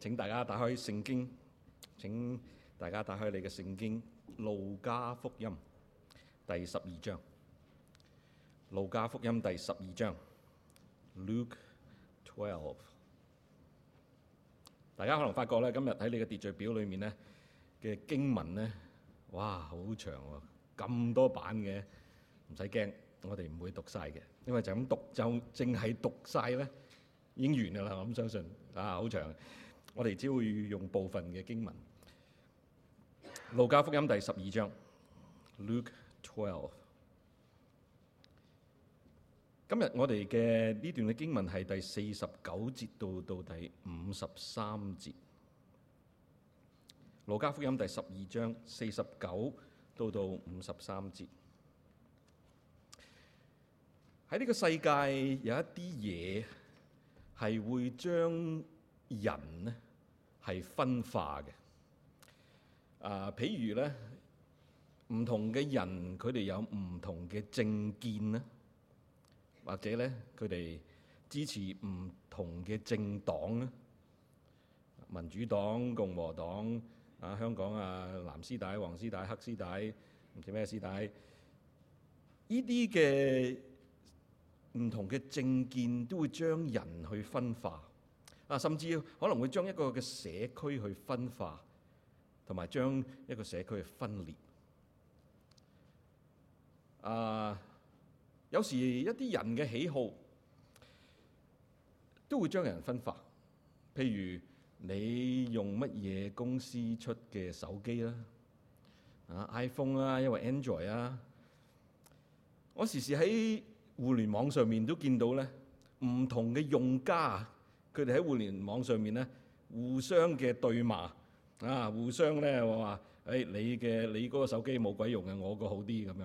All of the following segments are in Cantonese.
請大家打開聖經。請大家打開你嘅聖經《路加福音》第十二章。《路加福音》第十二章。Luke Twelve。大家可能發覺咧，今日喺你嘅秩序表裏面咧嘅經文咧，哇，好長喎，咁多版嘅。唔使驚，我哋唔會讀晒嘅，因為就咁讀就淨係讀晒咧已經完㗎啦。我諗相信啊，好長。我哋只會用部分嘅經文，《路加福音》第十二章。Luke twelve。今日我哋嘅呢段嘅經文係第四十九節到到第五十三節，《路加福音》第十二章四十九到到五十三節。喺呢個世界有一啲嘢係會將。人呢係分化嘅，啊，譬如咧唔同嘅人，佢哋有唔同嘅政見咧，或者咧佢哋支持唔同嘅政黨咧，民主黨、共和黨啊，香港啊，藍絲帶、黃絲帶、黑絲帶，唔知咩絲帶，呢啲嘅唔同嘅政見都會將人去分化。啊，甚至可能會將一個嘅社區去分化，同埋將一個社區去分裂。啊，有時一啲人嘅喜好都會將人分化。譬如你用乜嘢公司出嘅手機啦，啊 iPhone 啦、啊，因為 Android 啊，我時時喺互聯網上面都見到咧，唔同嘅用家。佢哋喺互聯網上面咧，互相嘅對罵啊，互相咧我話：誒、哎，你嘅你嗰個手機冇鬼用嘅，我個好啲咁樣。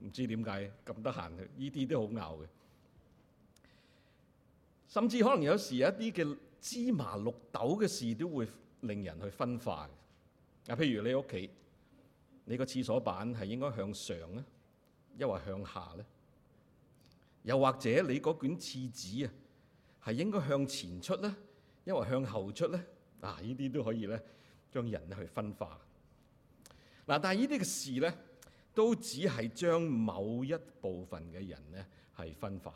唔知點解咁得閒嘅，呢啲都好拗嘅。甚至可能有時有一啲嘅芝麻綠豆嘅事，都會令人去分化嘅。啊，譬如你屋企，你個廁所板係應該向上咧，一或向下咧，又或者你嗰卷廁紙啊，係應該向前出咧，因為向後出咧，嗱，呢啲都可以咧，將人去分化。嗱、啊，但係呢啲嘅事咧，都只係將某一部分嘅人咧係分化。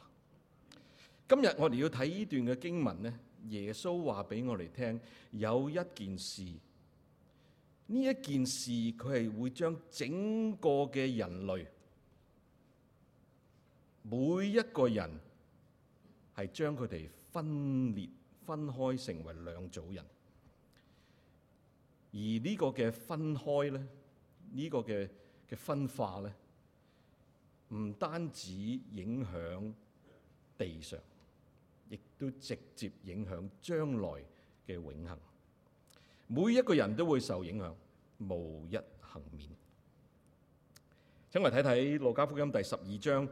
今日我哋要睇呢段嘅經文咧，耶穌話俾我哋聽有一件事，呢一件事佢係會將整個嘅人類，每一個人係將佢哋。分裂、分開成為兩組人，而呢個嘅分開咧，呢個嘅嘅分化咧，唔單止影響地上，亦都直接影響將來嘅永恆。每一個人都會受影響，無一幸免。請我睇睇《路加福音》第十二章，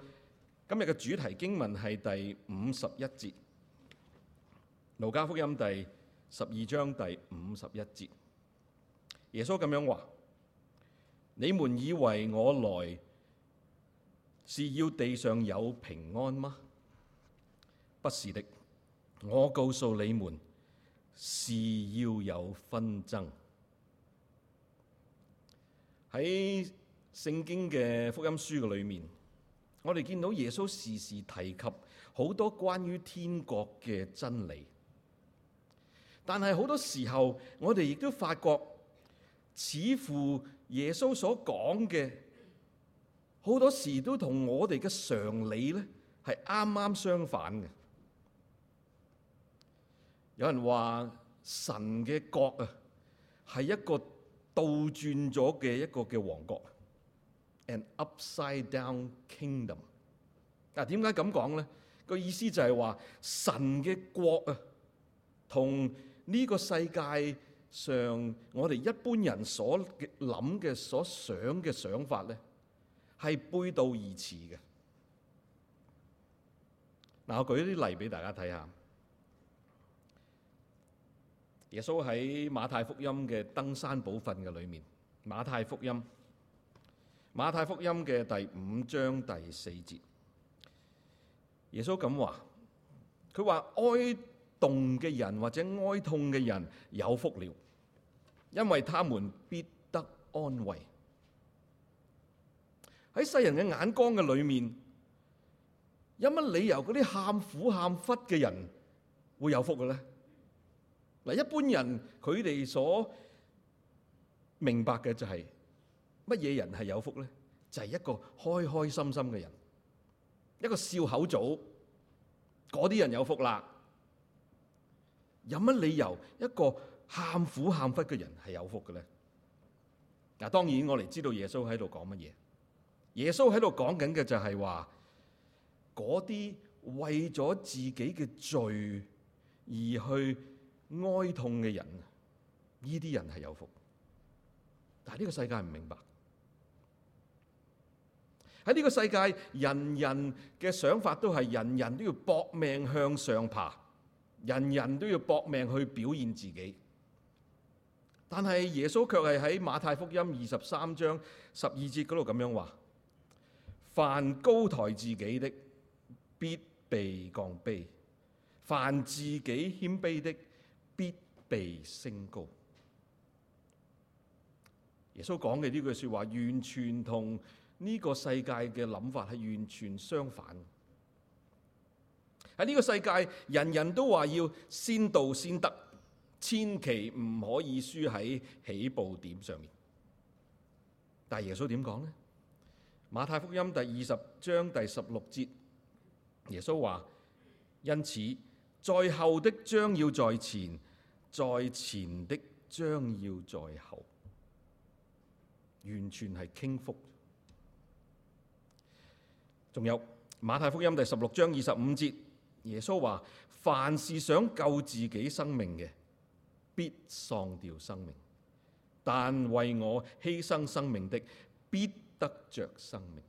今日嘅主題經文係第五十一節。《路加福音》第十二章第五十一節，耶穌這樣說，你們以為我來是要地上有平安嗎？不是的，我告訴你們，是要有紛爭。喺聖經嘅福音書裏面，我哋見到耶穌時時提及好多關於天國嘅真理。但係好多時候，我哋亦都發覺，似乎耶穌所講嘅好多時都同我哋嘅常理咧係啱啱相反嘅。有人話神嘅國啊，係一個倒轉咗嘅一個嘅王國，an upside down kingdom。嗱、啊，點解咁講咧？個意思就係話神嘅國啊，同呢個世界上，我哋一般人所諗嘅，所想嘅想法咧，係背道而馳嘅。嗱，我舉一啲例俾大家睇下。耶穌喺馬太福音嘅登山寶訓嘅裏面，馬太福音，馬太福音嘅第五章第四節，耶穌咁話，佢話哀」動嘅人或者哀痛嘅人有福了，因為他們必得安慰。喺世人嘅眼光嘅裏面，有乜理由嗰啲喊苦喊忽嘅人會有福嘅咧？嗱，一般人佢哋所明白嘅就係乜嘢人係有福咧？就係一個開開心心嘅人，一個笑口棗，嗰啲人有福啦。有乜理由一個喊苦喊忽嘅人係有福嘅咧？嗱，當然我哋知道耶穌喺度講乜嘢。耶穌喺度講緊嘅就係話，嗰啲為咗自己嘅罪而去哀痛嘅人，呢啲人係有福。但係呢個世界唔明白，喺呢個世界，人人嘅想法都係人人都要搏命向上爬。人人都要搏命去表現自己，但係耶穌卻係喺馬太福音二十三章十二節嗰度咁樣話：「凡高抬自己的，必被降卑；凡自己謙卑的，必被升高。」耶穌講嘅呢句說話，完全同呢個世界嘅諗法係完全相反。喺呢個世界，人人都話要先到先得，千祈唔可以輸喺起步點上面。但耶穌點講呢？馬太福音第二十章第十六節，耶穌話，因此在後的將要在前，在前的將要在後。完全係傾覆。仲有馬太福音第十六章二十五節。耶穌話，凡是想救自己生命嘅，必喪掉生命；但為我犧牲生命的，必得着生命。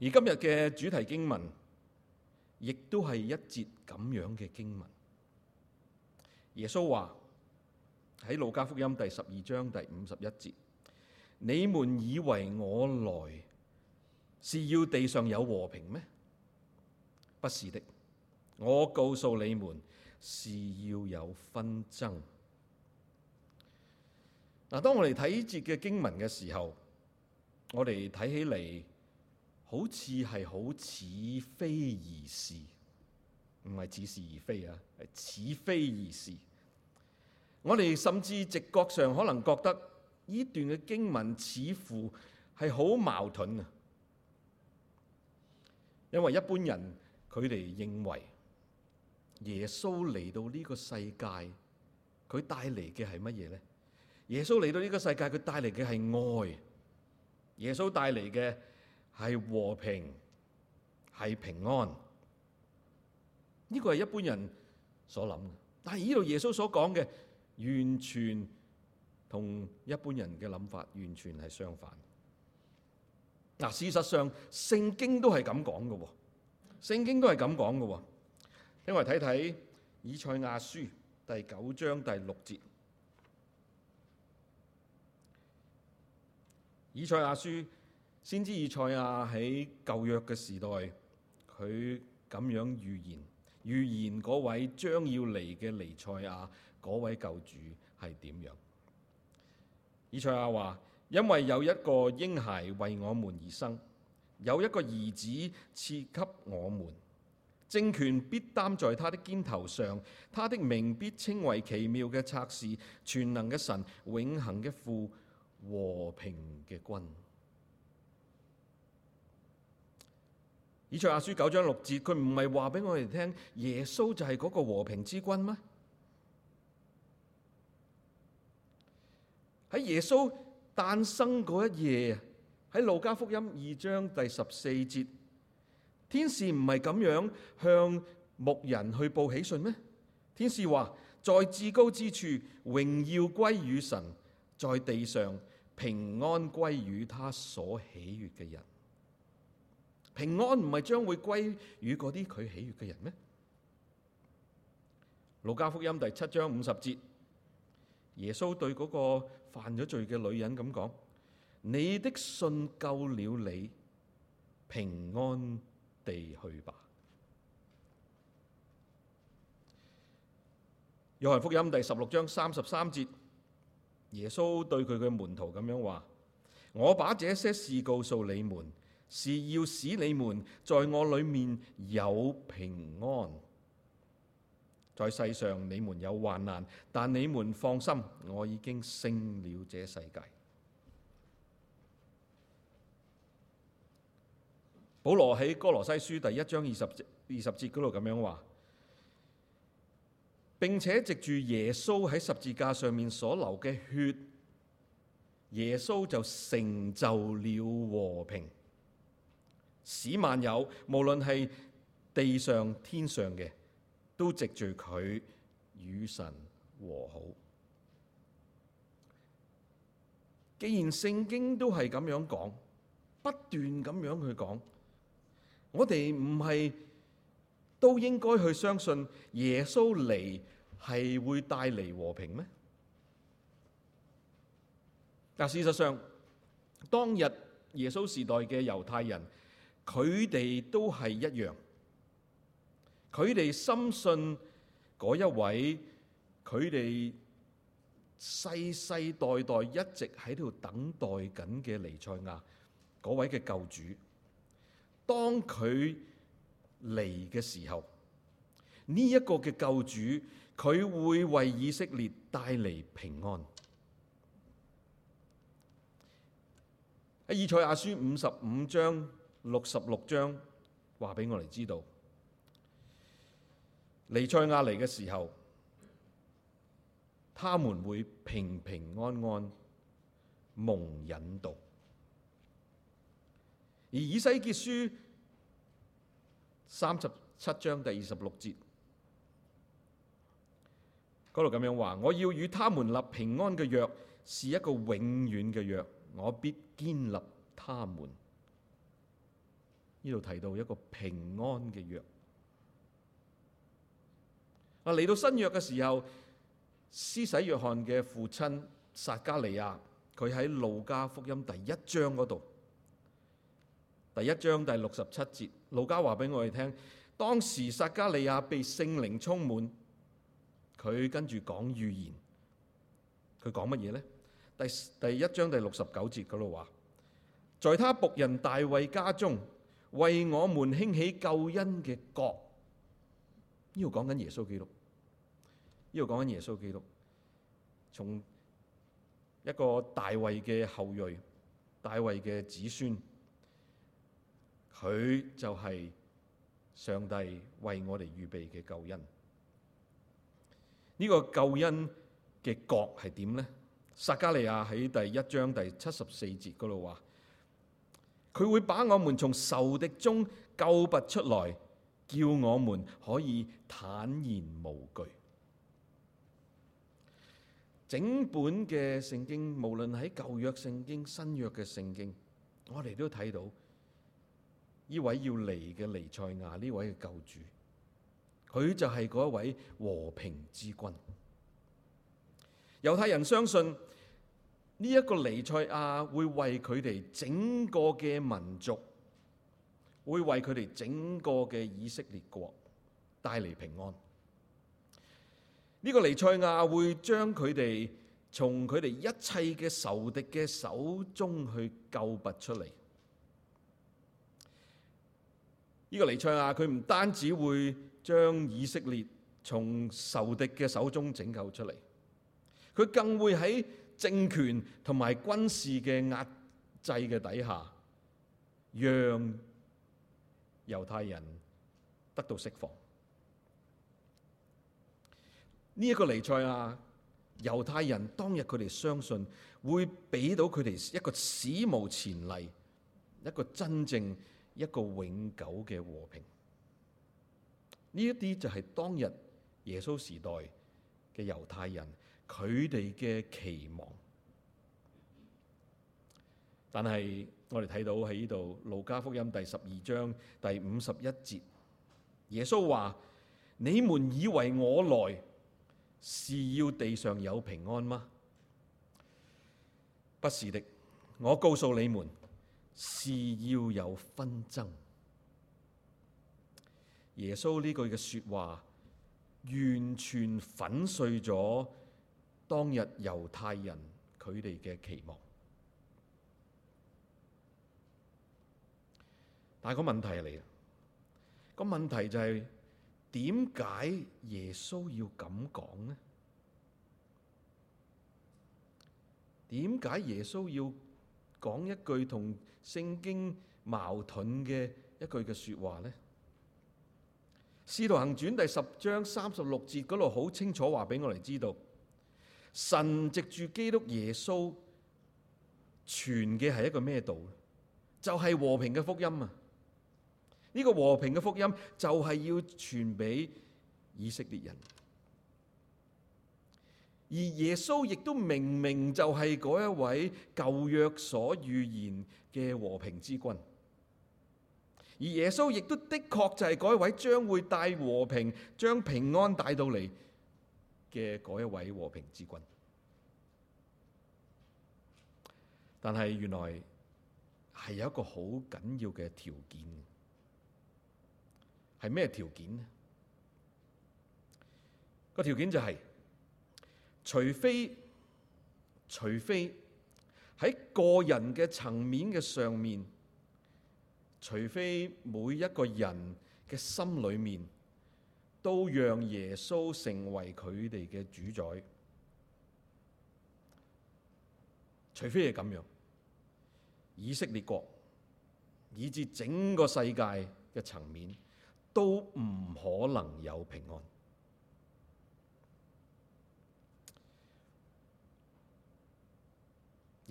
而今日嘅主題經文，亦都係一節咁樣嘅經文。耶穌話喺《路加福音》第十二章第五十一節：你們以為我來，是要地上有和平咩？不是的，我告訴你們是要有紛爭。嗱，當我哋睇節嘅經文嘅時候，我哋睇起嚟好似係好似非而是，唔係似是而非啊，係似非而是。我哋甚至直覺上可能覺得呢段嘅經文似乎係好矛盾啊，因為一般人。佢哋認為耶穌嚟到呢個世界，佢帶嚟嘅係乜嘢咧？耶穌嚟到呢個世界，佢帶嚟嘅係愛，耶穌帶嚟嘅係和平，係平安。呢個係一般人所諗嘅，但係呢度耶穌所講嘅，完全同一般人嘅諗法完全係相反。嗱，事實上聖經都係咁講嘅喎。聖經都係咁講嘅喎，你我睇睇以賽亞書第九章第六節。以賽亞書，先知以賽亞喺舊約嘅時代，佢咁樣預言，預言嗰位將要嚟嘅彌賽亞嗰位救主係點樣？以賽亞話：因為有一個嬰孩為我們而生。有一個兒子賜給我們，政權必擔在他的肩頭上，他的名必稱為奇妙嘅策士，全能嘅神，永恒嘅父，和平嘅君。以賽亞書九章六節，佢唔係話俾我哋聽耶穌就係嗰個和平之君咩？喺耶穌誕生嗰一夜。喺路加福音二章第十四節，天使唔係咁樣向牧人去報喜訊咩？天使話：在至高之處，榮耀歸與神；在地上，平安歸與他所喜悅嘅人。平安唔係將會歸與嗰啲佢喜悅嘅人咩？路加福音第七章五十節，耶穌對嗰個犯咗罪嘅女人咁講。你的信救了你，平安地去吧。約翰福音第十六章三十三節，耶穌對佢嘅門徒咁樣話：我把這些事告訴你們，是要使你們在我裏面有平安。在世上你們有患難，但你們放心，我已經勝了這世界。保羅喺《哥羅西書》第一章二十節、二十節嗰度咁樣話，並且藉住耶穌喺十字架上面所流嘅血，耶穌就成就了和平，使萬有無論係地上天上嘅，都藉住佢與神和好。既然聖經都係咁樣講，不斷咁樣去講。我哋唔係都應該去相信耶穌嚟係會帶嚟和平咩？但事實上，當日耶穌時代嘅猶太人，佢哋都係一樣，佢哋深信嗰一位，佢哋世世代代一直喺度等待緊嘅彌賽亞，嗰位嘅救主。當佢嚟嘅時候，呢一個嘅救主，佢會為以色列帶嚟平安。喺以賽亞書五十五章六十六章話俾我哋知道，彌賽亞嚟嘅時候，他們會平平安安，蒙引導。而以西結書三十七章第二十六節嗰度咁樣話：我要與他們立平安嘅約，是一個永遠嘅約，我必堅立他們。呢度提到一個平安嘅約。嗱、啊，嚟到新約嘅時候，施洗約翰嘅父親撒加利亞，佢喺路加福音第一章嗰度。第一章第六十七節，路加話俾我哋聽，當時撒加利亞被聖靈充滿，佢跟住講預言，佢講乜嘢咧？第第一章第六十九節嗰度話，在他僕人大衛家中，為我們興起救恩嘅國。呢度講緊耶穌基督，呢度講緊耶穌基督，從一個大衛嘅後裔、大衛嘅子孫。佢就係上帝為我哋預備嘅救恩。呢個救恩嘅角係點呢？撒加利亞喺第一章第七十四節嗰度話：佢會把我們從仇敵中救拔出來，叫我們可以坦然無懼。整本嘅聖經，無論喺舊約聖經、新約嘅聖經，我哋都睇到。呢位要嚟嘅彌賽亞，呢位嘅救主，佢就係嗰一位和平之君。猶太人相信呢一個彌賽亞會為佢哋整個嘅民族，會為佢哋整個嘅以色列國帶嚟平安。呢個彌賽亞會將佢哋從佢哋一切嘅仇敵嘅手中去救拔出嚟。呢個彌賽亞，佢唔單止會將以色列從仇敵嘅手中拯救出嚟，佢更會喺政權同埋軍事嘅壓制嘅底下，讓猶太人得到釋放。呢一個彌賽亞，猶太人當日佢哋相信會俾到佢哋一個史無前例、一個真正，一個永久嘅和平，呢一啲就係當日耶穌時代嘅猶太人佢哋嘅期望。但係我哋睇到喺呢度《路加福音》第十二章第五十一節，耶穌話：你們以為我來，是要地上有平安嗎？不是的，我告訴你們。是要有紛爭。耶穌呢句嘅說話完全粉碎咗當日猶太人佢哋嘅期望。但係個問題嚟，個問題就係點解耶穌要咁講呢？點解耶穌要講一句同？聖經矛盾嘅一句嘅説話咧，《使徒行傳》第十章三十六節嗰度好清楚話俾我哋知道，神藉住基督耶穌傳嘅係一個咩道？就係、是、和平嘅福音啊！呢、這個和平嘅福音就係要傳俾以色列人。而耶穌亦都明明就係嗰一位舊約所預言嘅和平之君，而耶穌亦都的確就係嗰一位將會帶和平，將平安帶到嚟嘅嗰一位和平之君。但係原來係有一個好緊要嘅條件，係咩條件呢？個條件就係、是。除非，除非喺個人嘅層面嘅上面，除非每一個人嘅心裏面都讓耶穌成為佢哋嘅主宰，除非係咁樣，以色列國以至整個世界嘅層面都唔可能有平安。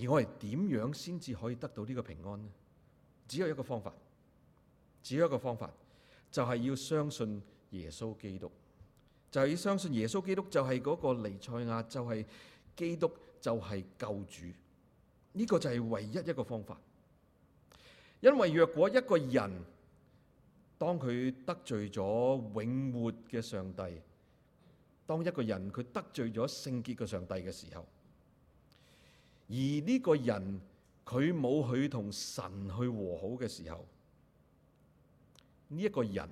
而我係點樣先至可以得到呢個平安呢？只有一個方法，只有一個方法，就係、是、要相信耶穌基督，就係、是、要相信耶穌基督就係嗰個彌賽亞，就係、是、基督，就係救主。呢、這個就係唯一一個方法。因為若果一個人當佢得罪咗永活嘅上帝，當一個人佢得罪咗聖潔嘅上帝嘅時候，而呢個人佢冇去同神去和好嘅時候，呢一個人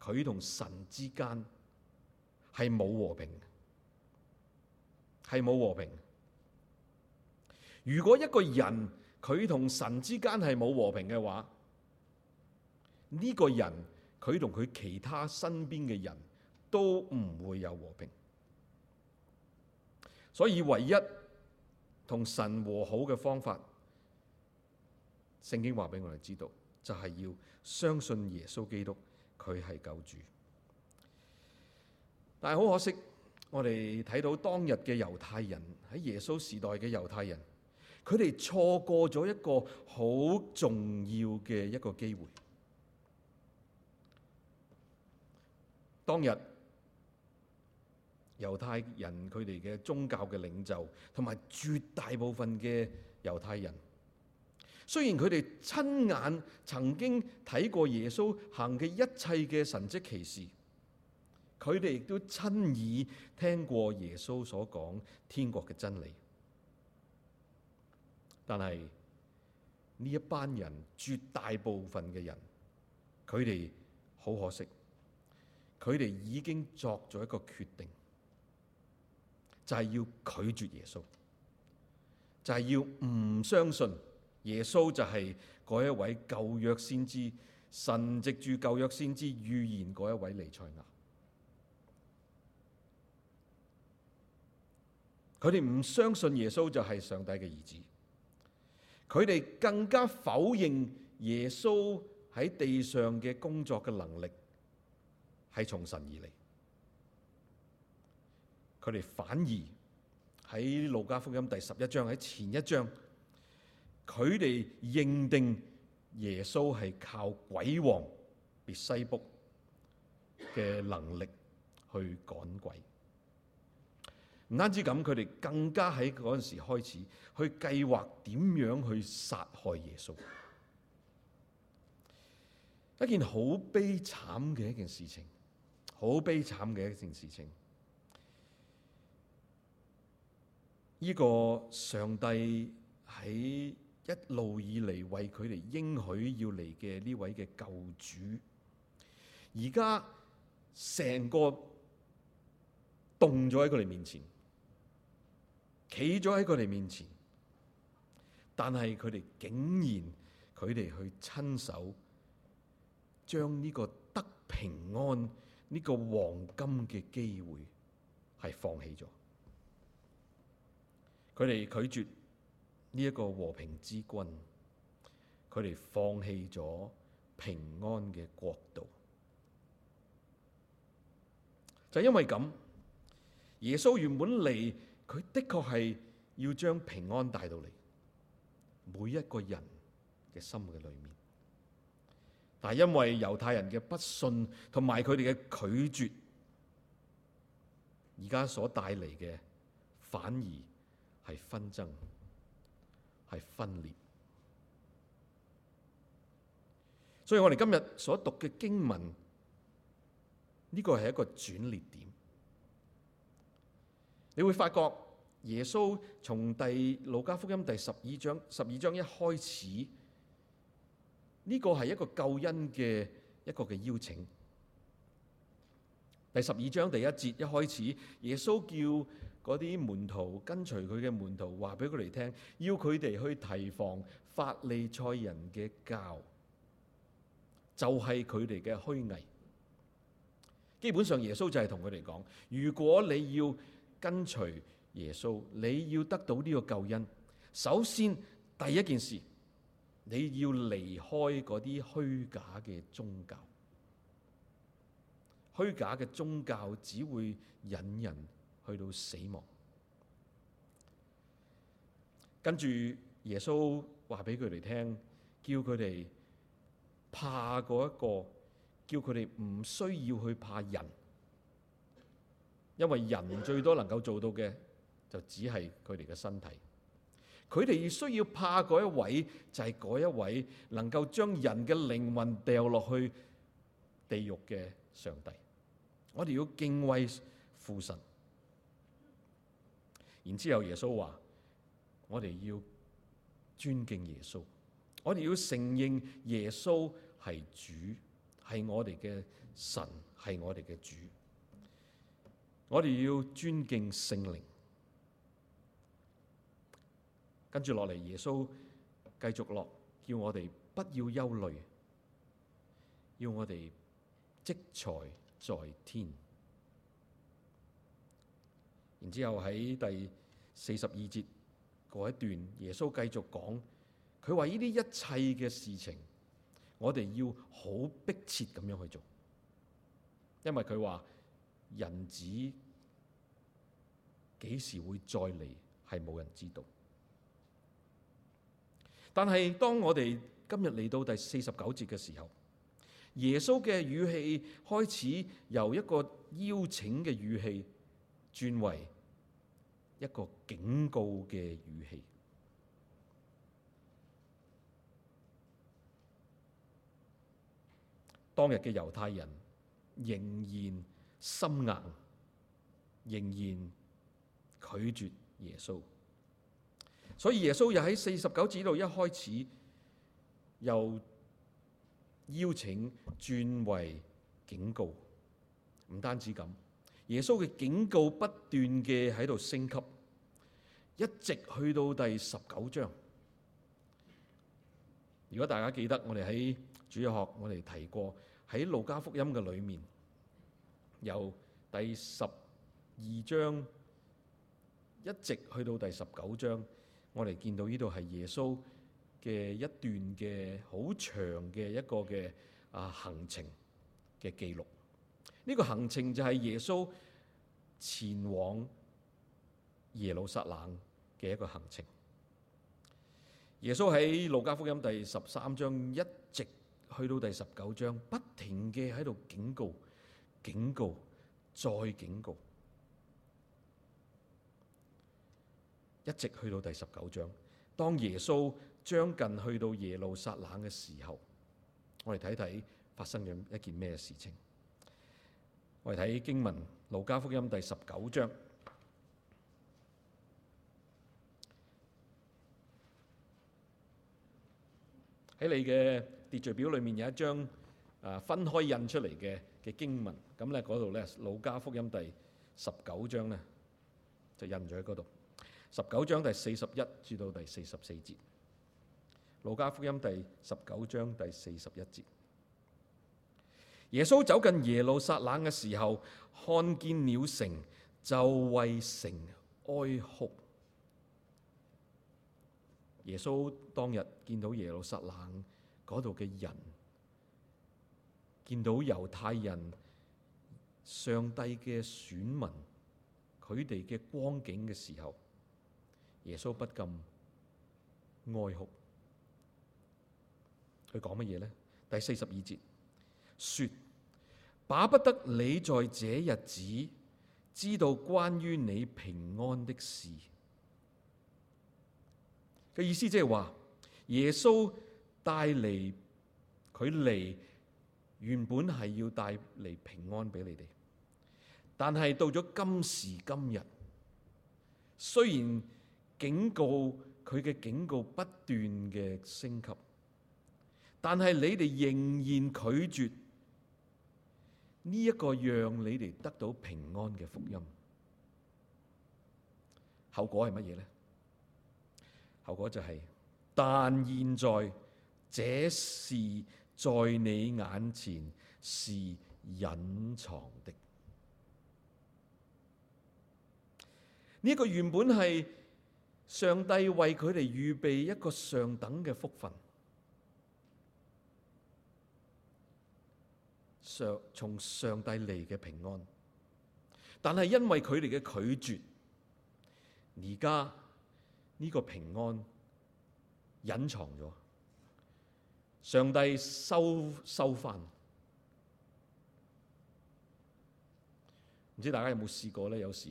佢同神之間係冇和平，係冇和平。如果一個人佢同神之間係冇和平嘅話，呢個人佢同佢其他身邊嘅人都唔會有和平。所以唯一，同神和好嘅方法，聖經話俾我哋知道，就係要相信耶穌基督，佢係救主。但係好可惜，我哋睇到當日嘅猶太人喺耶穌時代嘅猶太人，佢哋錯過咗一個好重要嘅一個機會。當日。猶太人，佢哋嘅宗教嘅領袖，同埋絕大部分嘅猶太人，雖然佢哋親眼曾經睇過耶穌行嘅一切嘅神蹟奇事，佢哋亦都親耳聽過耶穌所講天國嘅真理，但係呢一班人絕大部分嘅人，佢哋好可惜，佢哋已經作咗一個決定。就係要拒絕耶穌，就係、是、要唔相信耶穌就係嗰一位舊約先知，神藉住舊約先知預言嗰一位彌賽亞。佢哋唔相信耶穌就係上帝嘅兒子，佢哋更加否認耶穌喺地上嘅工作嘅能力係從神而嚟。佢哋反而喺《路加福音》第十一章喺前一章，佢哋認定耶穌係靠鬼王別西卜嘅能力去趕鬼，唔單止咁，佢哋更加喺嗰陣時開始去計劃點樣去殺害耶穌，一件好悲慘嘅一件事情，好悲慘嘅一件事情。呢個上帝喺一路以嚟為佢哋應許要嚟嘅呢位嘅救主，而家成個動咗喺佢哋面前，企咗喺佢哋面前，但係佢哋竟然佢哋去親手將呢個得平安、呢、這個黃金嘅機會係放棄咗。佢哋拒絕呢一個和平之君，佢哋放棄咗平安嘅國度，就是、因為咁，耶穌原本嚟，佢的確係要將平安帶到嚟，每一個人嘅心嘅裏面。但係因為猶太人嘅不信同埋佢哋嘅拒絕，而家所帶嚟嘅反而。係紛爭，係分裂。所以我哋今日所讀嘅經文，呢、這個係一個轉捩點。你會發覺耶穌從《第路加福音》第十二章、十二章一開始，呢、這個係一個救恩嘅一個嘅邀請。第十二章第一節一開始，耶穌叫。嗰啲門徒跟隨佢嘅門徒話俾佢哋聽，要佢哋去提防法利賽人嘅教，就係佢哋嘅虛偽。基本上耶穌就係同佢哋講：如果你要跟隨耶穌，你要得到呢個救恩，首先第一件事，你要離開嗰啲虛假嘅宗教。虛假嘅宗教只會引人。去到死亡，跟住耶穌話俾佢哋聽，叫佢哋怕嗰一個，叫佢哋唔需要去怕人，因為人最多能夠做到嘅就只係佢哋嘅身體，佢哋需要怕嗰一位就係嗰一位能夠將人嘅靈魂掉落去地獄嘅上帝，我哋要敬畏父神。然之後，耶穌話：我哋要尊敬耶穌，我哋要承認耶穌係主，係我哋嘅神，係我哋嘅主。我哋要尊敬聖靈。跟住落嚟，耶穌繼續落，叫我哋不要憂慮，要我哋積財在天。然之後喺第四十二節嗰一段，耶穌繼續講，佢話呢啲一切嘅事情，我哋要好迫切咁樣去做，因為佢話人子幾時會再嚟，係冇人知道。但係當我哋今日嚟到第四十九節嘅時候，耶穌嘅語氣開始由一個邀請嘅語氣轉為。一個警告嘅語氣，當日嘅猶太人仍然心硬，仍然拒絕耶穌。所以耶穌又喺四十九節度一開始又邀請轉為警告，唔單止咁。耶穌嘅警告不斷嘅喺度升級，一直去到第十九章。如果大家記得，我哋喺主日學我哋提過，喺路加福音嘅裏面，由第十二章一直去到第十九章，我哋見到呢度係耶穌嘅一段嘅好長嘅一個嘅啊行程嘅記錄。呢個行程就係耶穌前往耶路撒冷嘅一個行程。耶穌喺路加福音第十三章一直去到第十九章，不停嘅喺度警告、警告、再警告，一直去到第十九章。當耶穌將近去到耶路撒冷嘅時候，我哋睇睇發生咗一件咩事情。我哋睇經文《路加福音》第十九章。喺你嘅秩序表裏面有一張誒、啊、分開印出嚟嘅嘅經文，咁咧嗰度咧《路加福音》第十九章咧就印咗喺嗰度。十九章第四十一至到第四十四節，《路加福音》第十九章第四十一節。耶穌走近耶路撒冷嘅時候，看見了城就為城哀哭。耶穌當日見到耶路撒冷嗰度嘅人，見到猶太人、上帝嘅選民，佢哋嘅光景嘅時候，耶穌不禁哀哭。佢講乜嘢呢？第四十二節說。巴不得你在這日子知道關於你平安的事嘅意思，即係話耶穌帶嚟佢，嚟原本係要帶嚟平安俾你哋，但係到咗今時今日，雖然警告佢嘅警告不斷嘅升級，但係你哋仍然拒絕。呢一個讓你哋得到平安嘅福音，後果係乜嘢呢？後果就係、是，但現在這事在你眼前是隱藏的。呢、這、一個原本係上帝為佢哋預備一個上等嘅福分。上從上帝嚟嘅平安，但係因為佢哋嘅拒絕，而家呢個平安隱藏咗，上帝收收翻。唔知大家有冇試過咧？有時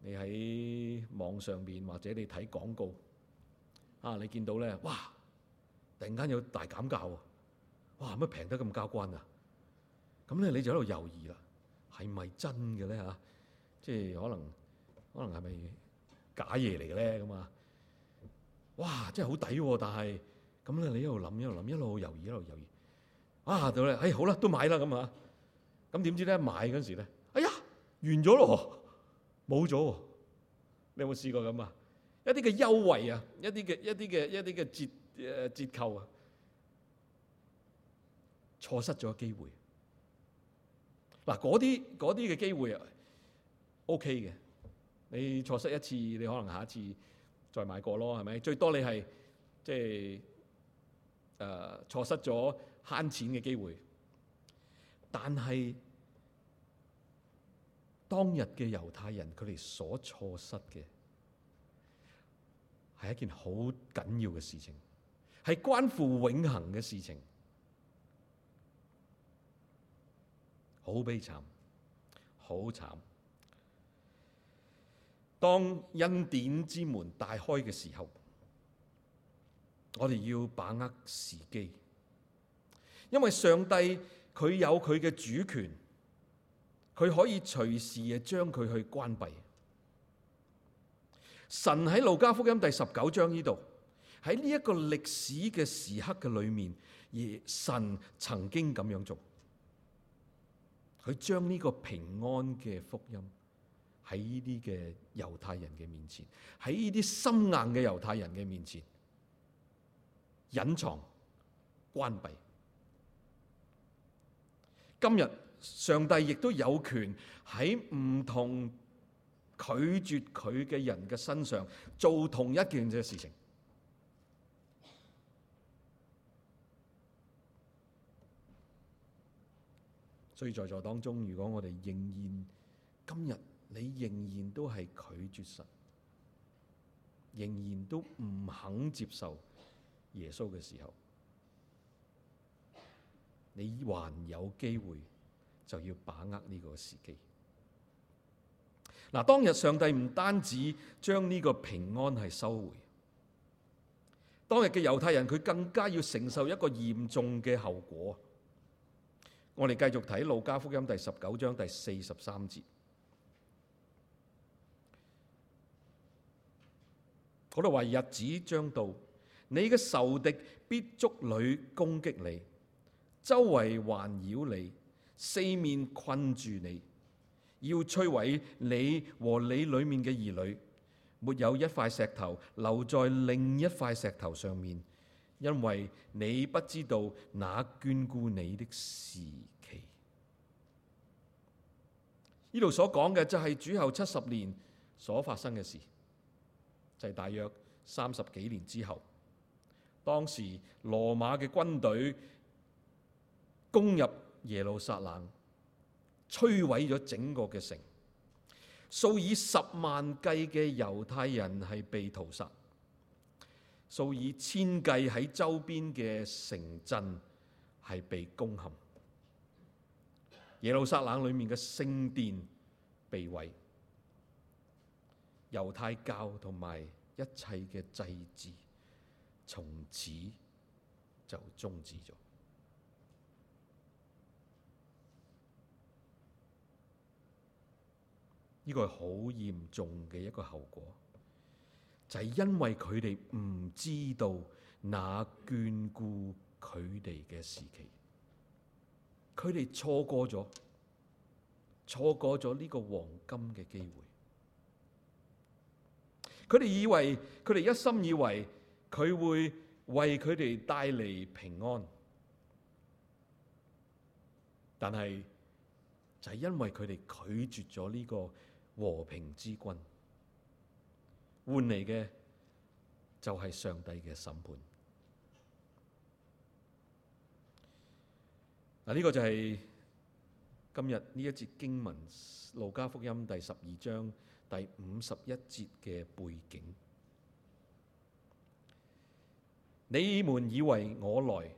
你喺網上面或者你睇廣告，啊，你見到咧，哇！突然間有大減價喎，哇！乜平得咁交關啊？咁咧你就喺度猶豫啦，係咪真嘅咧嚇？即係可能，可能係咪假嘢嚟嘅咧咁啊？哇！真係好抵喎，但係咁咧你一路諗一路諗，一路猶豫一路猶豫，啊，到咧，哎好啦，都買啦咁啊！咁點知咧買嗰時咧，哎呀完咗咯，冇咗喎！你有冇試過咁啊？一啲嘅優惠啊，一啲嘅一啲嘅一啲嘅折誒折扣啊，錯失咗機會。嗱，嗰啲嗰啲嘅機會啊 ok 嘅。你錯失一次，你可能下一次再買過咯，係咪？最多你係即係誒錯失咗慳錢嘅機會，但係當日嘅猶太人佢哋所錯失嘅係一件好緊要嘅事情，係關乎永恆嘅事情。好悲慘，好慘！當恩典之門大開嘅時候，我哋要把握時機，因為上帝佢有佢嘅主權，佢可以隨時嘅將佢去關閉。神喺路加福音第十九章呢度，喺呢一個歷史嘅時刻嘅裏面，而神曾經咁樣做。佢將呢個平安嘅福音喺呢啲嘅猶太人嘅面前，喺呢啲心硬嘅猶太人嘅面前隱藏、關閉。今日上帝亦都有權喺唔同拒絕佢嘅人嘅身上做同一件嘅事情。所以在座當中，如果我哋仍然今日你仍然都係拒絕神，仍然都唔肯接受耶穌嘅時候，你還有機會就要把握呢個時機。嗱，當日上帝唔單止將呢個平安係收回，當日嘅猶太人佢更加要承受一個嚴重嘅後果。我哋繼續睇《路加福音》第十九章第四十三節。我哋話，日子將到，你嘅仇敵必捉女攻擊你，周圍環繞你，四面困住你，要摧毀你和你裏面嘅兒女，沒有一塊石頭留在另一塊石頭上面。因為你不知道那眷顧你的時期，呢度所講嘅就係主後七十年所發生嘅事，就係、是、大約三十幾年之後，當時羅馬嘅軍隊攻入耶路撒冷，摧毀咗整個嘅城，數以十萬計嘅猶太人係被屠殺。數以千計喺周邊嘅城鎮係被攻陷，耶路撒冷裡面嘅聖殿被毀，猶太教同埋一切嘅祭祀從此就終止咗。呢個係好嚴重嘅一個後果。就係因為佢哋唔知道那眷顧佢哋嘅時期，佢哋錯過咗，錯過咗呢個黃金嘅機會。佢哋以為，佢哋一心以為佢會為佢哋帶嚟平安，但係就係因為佢哋拒絕咗呢個和平之君。換嚟嘅就係上帝嘅審判。嗱，呢個就係今日呢一節經文《路加福音》第十二章第五十一節嘅背景。你們以為我來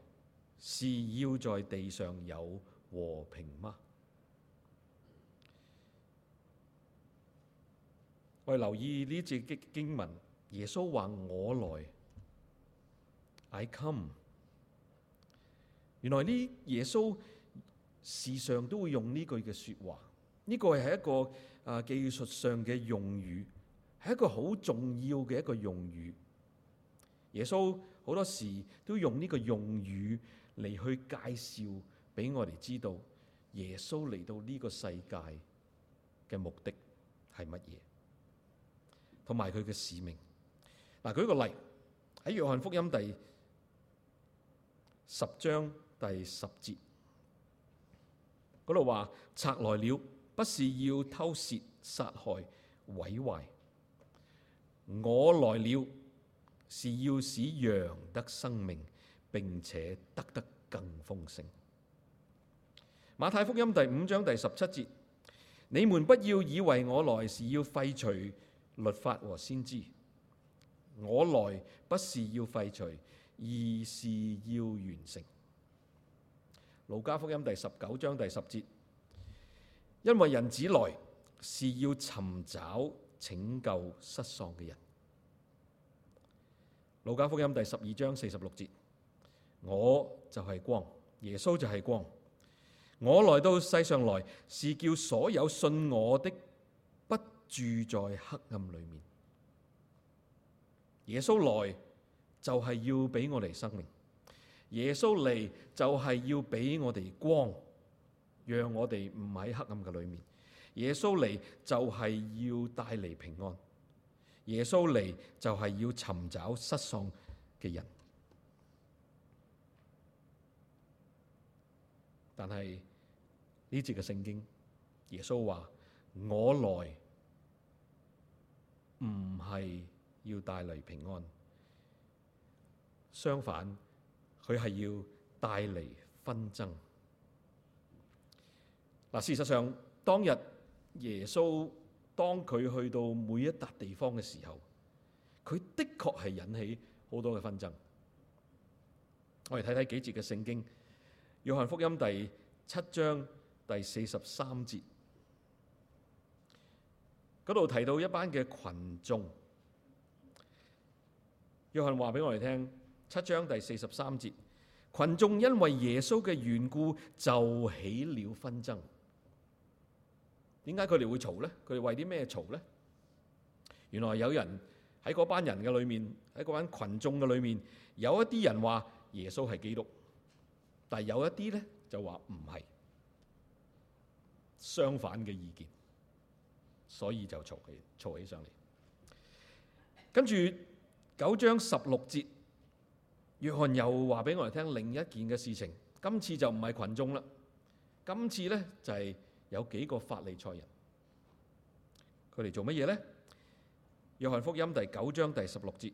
是要在地上有和平嗎？我哋留意呢節經經文，耶穌話我來，I come。原來呢，耶穌時常都會用呢句嘅說話。呢個係一個啊技術上嘅用語，係一個好重要嘅一個用語。耶穌好多時都用呢個用語嚟去介紹俾我哋知道，耶穌嚟到呢個世界嘅目的係乜嘢。同埋佢嘅使命。嗱，舉個例喺《約翰福音》第十章第十節嗰度話：賊來了，不是要偷竊、殺害、毀壞；我來了，是要使羊得生命，並且得得更豐盛。《馬太福音》第五章第十七節：你們不要以為我來是要廢除。律法和先知，我來不是要廢除，而是要完成。路加福音第十九章第十節，因為人子來是要尋找拯救失喪嘅人。路加福音第十二章四十六節，我就係光，耶穌就係光。我來到世上來，是叫所有信我的。住在黑暗裏面，耶穌來就係要俾我哋生命，耶穌嚟就係要俾我哋光，讓我哋唔喺黑暗嘅裏面。耶穌嚟就係要帶嚟平安，耶穌嚟就係要尋找失喪嘅人。但係呢節嘅聖經，耶穌話：我來。唔係要帶嚟平安，相反，佢係要帶嚟紛爭。嗱，事實上當日耶穌當佢去到每一笪地方嘅時候，佢的確係引起好多嘅紛爭。我哋睇睇幾節嘅聖經，約翰福音第七章第四十三節。嗰度提到一班嘅群眾，約翰話俾我哋聽，七章第四十三節，群眾因為耶穌嘅緣故就起了紛爭。點解佢哋會嘈呢？佢哋為啲咩嘈呢？原來有人喺嗰班人嘅裏面，喺嗰班群眾嘅裏面，有一啲人話耶穌係基督，但係有一啲呢就話唔係，相反嘅意見。所以就嘈起嘈起上嚟。跟住九章十六節，約翰又話俾我哋聽另一件嘅事情。今次就唔係群眾啦，今次呢，就係有幾個法利賽人，佢哋做乜嘢呢？約翰福音第九章第十六節，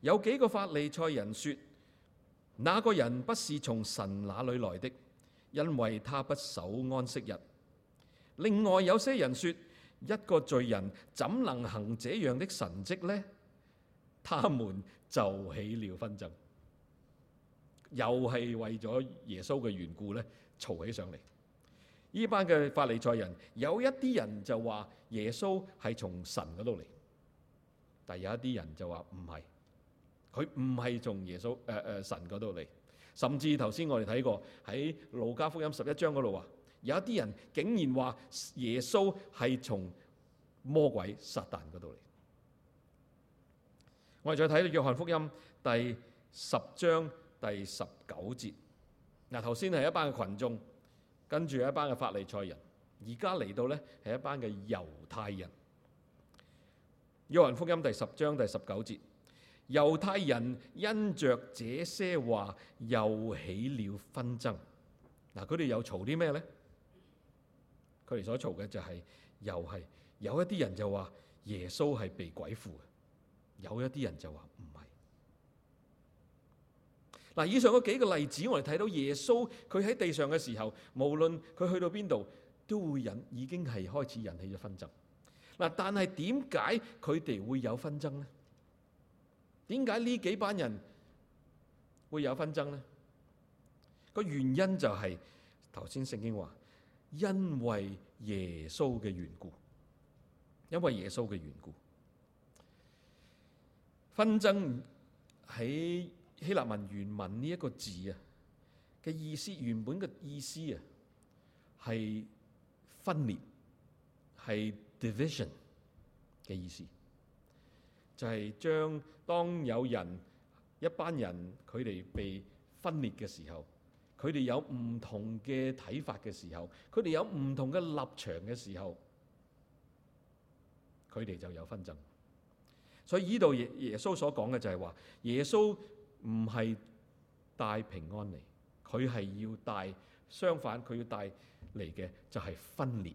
有幾個法利賽人說，那個人不是從神那裏來的，因為他不守安息日。另外有些人說。一個罪人怎能行這樣的神迹呢？他們就起了紛爭，又係為咗耶穌嘅緣故咧，嘈起上嚟。呢班嘅法利賽人有一啲人就話耶穌係從神嗰度嚟，但有一啲人就話唔係，佢唔係從耶穌誒誒、呃呃、神嗰度嚟。甚至頭先我哋睇過喺路加福音十一章嗰度話。有一啲人竟然話耶穌係從魔鬼撒旦嗰度嚟。我哋再睇《約翰福音》第十章第十九節。嗱，頭先係一班嘅群眾，跟住一班嘅法利賽人，而家嚟到呢係一班嘅猶太人。《約翰福音》第十章第十九節，猶太人因着這些話又起了紛爭。嗱，佢哋又嘈啲咩呢？佢哋所嘈嘅就係，又係有一啲人就話耶穌係被鬼附嘅，有一啲人就話唔係。嗱，以上嗰幾個例子，我哋睇到耶穌佢喺地上嘅時候，無論佢去到邊度，都會引，已經係開始引起咗紛爭。嗱，但係點解佢哋會有紛爭呢？點解呢幾班人會有紛爭呢？個原因就係頭先聖經話。因為耶穌嘅緣故，因為耶穌嘅緣故，紛爭喺希臘文原文呢一個字啊嘅意思，原本嘅意思啊係分裂，係 division 嘅意思，就係將當有人一班人佢哋被分裂嘅時候。佢哋有唔同嘅睇法嘅時候，佢哋有唔同嘅立場嘅時候，佢哋就有紛爭。所以呢度耶耶穌所講嘅就係話，耶穌唔係帶平安嚟，佢係要帶相反，佢要帶嚟嘅就係分裂，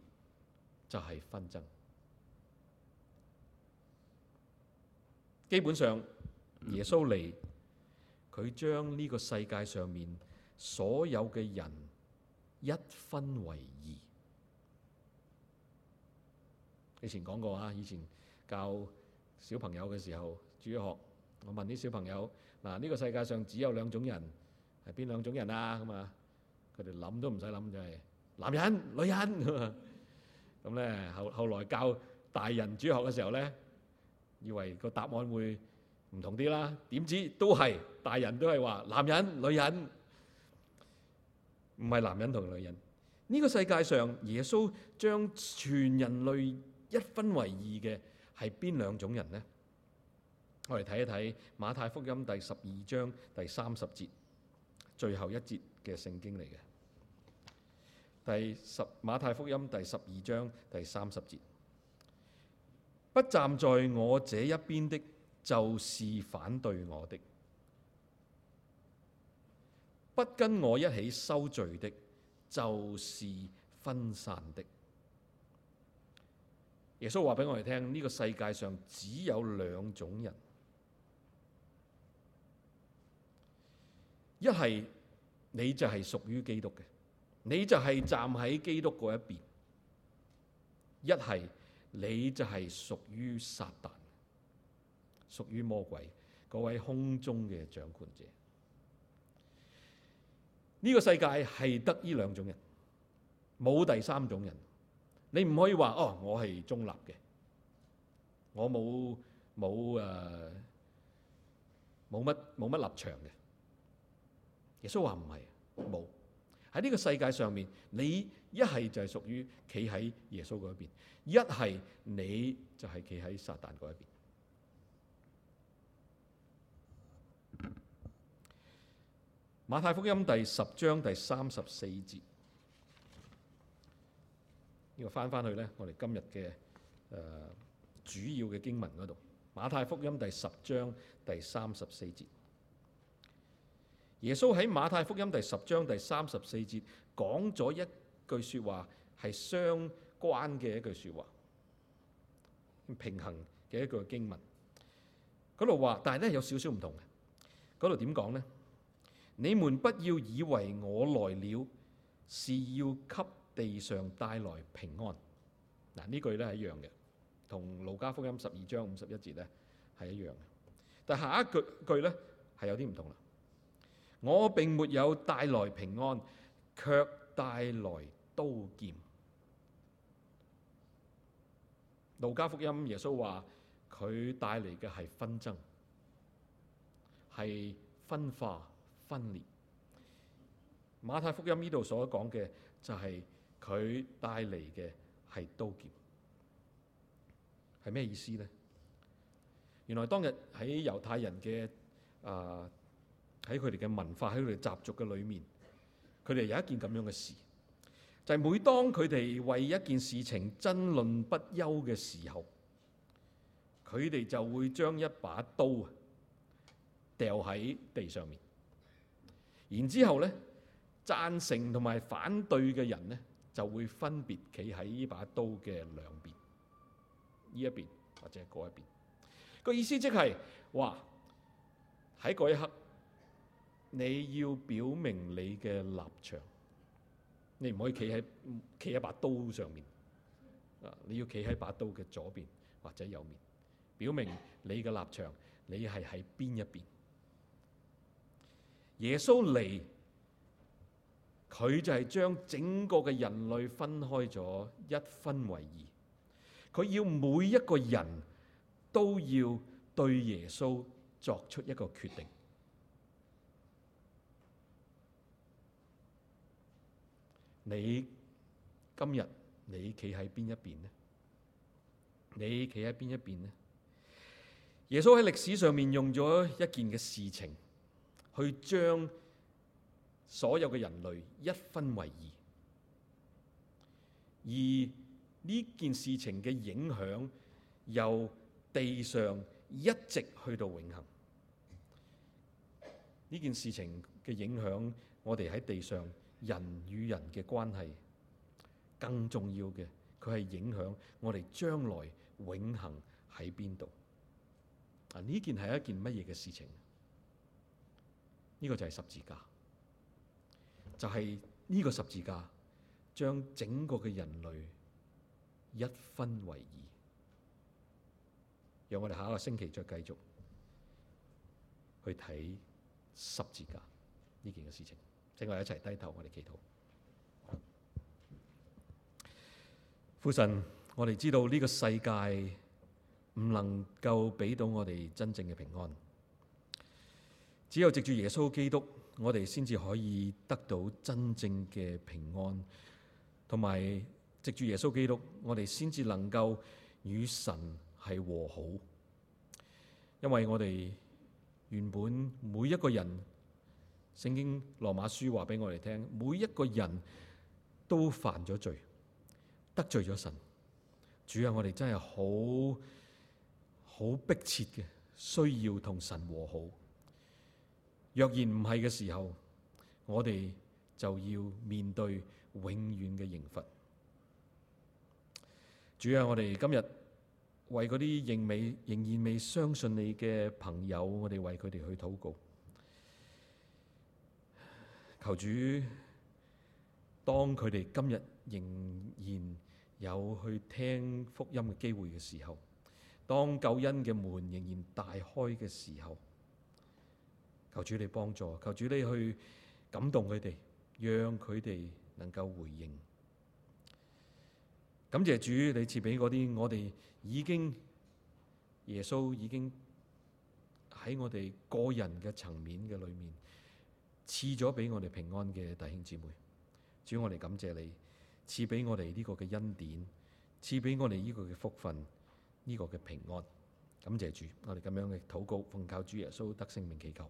就係紛爭。基本上耶穌嚟，佢將呢個世界上面。所有嘅人一分為二。以前講過啊，以前教小朋友嘅時候，主學，我問啲小朋友：嗱，呢個世界上只有兩種人，係邊兩種人啊？咁啊，佢哋諗都唔使諗，就係男人、女人。咁咧，後後來教大人主學嘅時候咧，以為個答案會唔同啲啦，點知都係，大人都係話男人、女人。唔係男人同女人，呢個世界上耶穌將全人類一分為二嘅係邊兩種人呢？我嚟睇一睇馬太福音第十二章第三十節，最後一節嘅聖經嚟嘅。第十，馬太福音第十二章第三十節，不站在我這一邊的，就是反對我的。不跟我一起收聚的，就是分散的。耶穌話俾我哋聽：呢、這個世界上只有兩種人，一係你就係屬於基督嘅，你就係站喺基督嗰一邊；一係你就係屬於撒旦，屬於魔鬼，嗰位空中嘅掌管者。呢個世界係得呢兩種人，冇第三種人。你唔可以話哦，我係中立嘅，我冇冇誒冇乜冇乜立場嘅。耶穌話唔係，冇喺呢個世界上面，你一係就係屬於企喺耶穌嗰一邊，一係你就係企喺撒旦嗰一邊。馬太福音第十章第三十四節，呢個翻翻去咧，我哋今日嘅誒主要嘅經文嗰度，馬太福音第十章第三十四節。耶穌喺馬太福音第十章第三十四節講咗一句說話，係相關嘅一句說話，平衡嘅一句經文。嗰度話，但係咧有少少唔同嘅，嗰度點講咧？你們不要以為我來了是要給地上帶來平安，嗱呢句咧係一樣嘅，同路加福音十二章五十一節咧係一樣嘅。但下一句句咧係有啲唔同啦。我並沒有帶來平安，卻帶來刀劍。路加福音耶穌話佢帶嚟嘅係紛爭，係分化。分裂。馬太福音呢度所講嘅就係佢帶嚟嘅係刀劍，係咩意思呢？原來當日喺猶太人嘅，啊喺佢哋嘅文化，喺佢哋習俗嘅裏面，佢哋有一件咁樣嘅事，就係每當佢哋為一件事情爭論不休嘅時候，佢哋就會將一把刀啊，掉喺地上面。然之後咧，贊成同埋反對嘅人咧，就會分別企喺呢把刀嘅兩邊，呢一邊或者嗰一邊。個意思即係話喺嗰一刻，你要表明你嘅立場，你唔可以企喺企喺把刀上面。啊，你要企喺把刀嘅左邊或者右面，表明你嘅立場，你係喺邊一邊。耶穌嚟，佢就係將整個嘅人類分開咗，一分為二，佢要每一個人都要對耶穌作出一個決定。你今日你企喺邊一邊呢？你企喺邊一邊呢？耶穌喺歷史上面用咗一件嘅事情。去將所有嘅人類一分為二，而呢件事情嘅影響由地上一直去到永恆。呢件事情嘅影響，我哋喺地上人與人嘅關係更重要嘅，佢係影響我哋將來永恆喺邊度。啊！呢件係一件乜嘢嘅事情？呢個就係十字架，就係呢個十字架將整個嘅人類一分為二。讓我哋下一個星期再繼續去睇十字架呢件嘅事情。請我哋一齊低頭，我哋祈禱。父神，我哋知道呢個世界唔能夠俾到我哋真正嘅平安。只有藉住耶穌基督，我哋先至可以得到真正嘅平安，同埋藉住耶穌基督，我哋先至能夠與神係和好。因為我哋原本每一個人，聖經羅馬書話俾我哋聽，每一個人都犯咗罪，得罪咗神。主要我哋真係好好迫切嘅，需要同神和好。若然唔係嘅時候，我哋就要面對永遠嘅刑罰。主啊，我哋今日為嗰啲仍未仍然未相信你嘅朋友，我哋為佢哋去禱告。求主，當佢哋今日仍然有去聽福音嘅機會嘅時候，當救恩嘅門仍然大開嘅時候。求主你幫助，求主你去感動佢哋，讓佢哋能夠回應。感謝主，你賜俾嗰啲我哋已經耶穌已經喺我哋個人嘅層面嘅裏面賜咗俾我哋平安嘅弟兄姊妹。主，我哋感謝你賜俾我哋呢個嘅恩典，賜俾我哋呢個嘅福分，呢、呢個嘅平安。感謝主，我哋咁樣嘅禱告，奉靠主耶穌得勝聖名祈求。